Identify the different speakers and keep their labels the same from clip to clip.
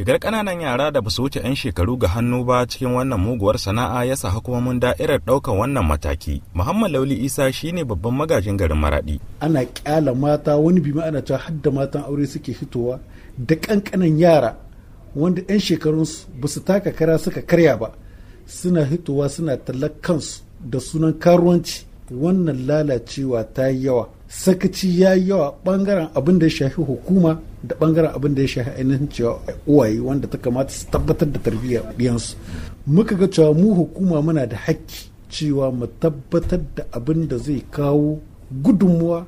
Speaker 1: Shigar ƙananan yara da ba su wuce 'yan shekaru ga hannu ba cikin wannan muguwar sana'a ya sa hukumomin da'irar ɗaukan wannan mataki. Muhammad Lauli Isa shine babban magajin garin Maraɗi.
Speaker 2: Ana ƙyala mata wani bima ana cewa hadda matan aure suke fitowa da ƙanƙanan yara wanda 'yan shekarun ba su taka kara suka karya ba suna hitowa suna talakansu da sunan karuwanci wannan lalacewa ta yi yawa sakaci ya yi yawa bangaren abin da ya shafi hukuma da bangaren abin da ya shafi ainihin cewa uwaye wanda ta kamata su tabbatar da tarbiyyar ɗiyansu muka ga cewa mu hukuma muna da hakki cewa mu tabbatar da abin da zai kawo gudunmuwa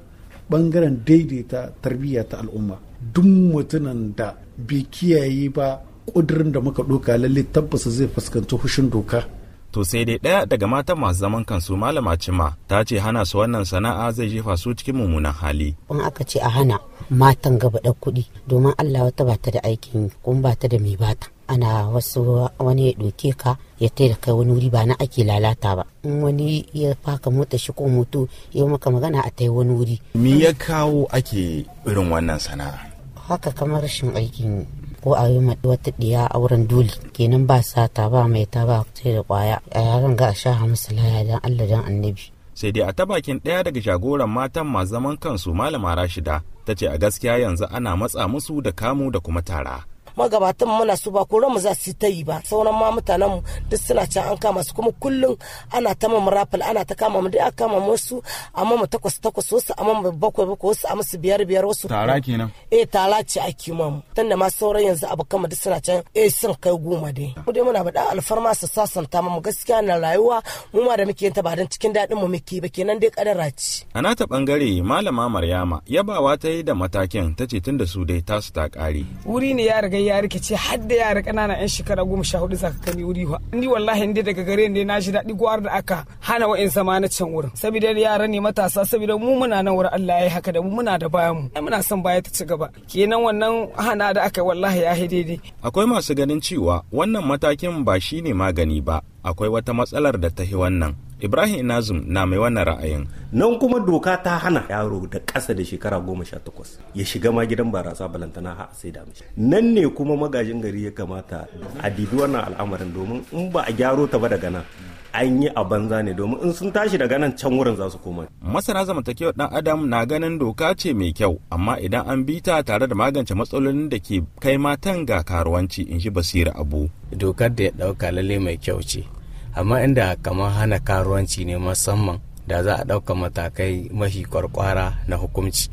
Speaker 2: bangaren daidaita tarbiyya ta al'umma duk mutunan da bai kiyaye ba ƙudurin da muka ɗoka lallai tabbasa zai fuskanci hushin doka
Speaker 1: to sai dai ɗaya daga matan masu zaman kansu malama cima ta ce hana su wannan sana'a zai jefa su cikin mummunan hali
Speaker 3: in aka ce a hana matan gaba da kuɗi domin allah wata bata da aikin kun bata da mai bata ana wasu wani ya ɗauke ka ya tai da kai wani wuri ba na ake lalata ba in wani ya faka mota shi ko moto ya maka magana a tai wani wuri
Speaker 1: me ya kawo ake irin wannan sana'a
Speaker 3: haka kamar rashin aikin ko a yi ma wata diya wurin duli kenan ba sata ba mai ta ba sai da kwaya a yaran ga a sha hamsu laya dan Allah dan annabi
Speaker 1: sai dai a ta bakin ɗaya daga jagoran matan ma zaman kansu malama rashida ta ce a gaskiya yanzu ana matsa musu da kamu da kuma tara
Speaker 4: magabatan muna su ba koran mu za su ta yi ba sauran ma mutanen mu duk suna can an kama su kuma kullum ana ta mu rafal ana ta kama mu duk aka kama su amma mu takwas takwas wasu amma mu bakwai bakwai wasu amma su biyar biyar wasu tara kenan eh tara ce ake mu tunda ma sauran yanzu abu kama duk suna can eh sun kai goma dai mu dai muna da alfarma su sasanta mu gaskiya na rayuwa mu ma da muke ta ba dan cikin daɗin mu muke ba kenan dai kadara ce
Speaker 1: a nata bangare malama maryama yabawa ta yi da matakin ta ce tunda su dai tasu ta kare.
Speaker 4: wuri ne ya riga yanayi ya ce har da yara ƙanana 'yan shekara goma sha hudu zaka kani wuri fa ni wallahi inda daga gare ni na ji daɗi gwar da aka hana wa'in zama na can wurin saboda yara ne matasa saboda mu muna nan wurin Allah ya yi haka da mu muna da bayan mu muna son baya ta ci gaba kenan wannan hana da aka wallahi ya yi daidai
Speaker 1: akwai masu ganin cewa wannan matakin ba shine magani ba akwai wata matsalar da ta hi wannan Ibrahim Inazum na mai wannan ra'ayin. Nan kuma doka ta hana yaro da ƙasa da shekara goma sha takwas ya shiga ma gidan barasa balantana ha sai da mishi. Nan ne kuma magajin gari ya kamata a dibi wannan al'amarin domin in ba a gyaro ta ba daga nan an yi a banza ne domin in sun tashi daga nan can wurin za su koma. Masana zamantakewar ɗan Adam na ganin doka ce mai kyau amma idan an bi ta tare da magance matsalolin da ke kai matan ga karuwanci in shi basira abu. Dokar da ya ɗauka lalle mai kyau ce amma inda kamar hana karuwanci ne musamman da za a ɗauka matakai mafi kwarkwara na hukumci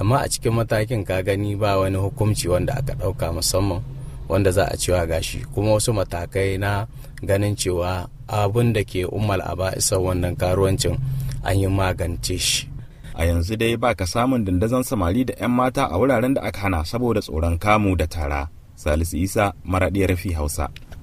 Speaker 1: amma a cikin matakin ka gani ba wani hukumci wanda aka ɗauka musamman wanda za a cewa gashi kuma wasu matakai na ganin cewa abin da ke ummal a ba isan wannan karuwancin an yi magance shi a yanzu dai ba ka samun dandazon samari da 'yan mata a wuraren da aka hana saboda tsoron kamu da tara salisu isa maraɗiyar fi hausa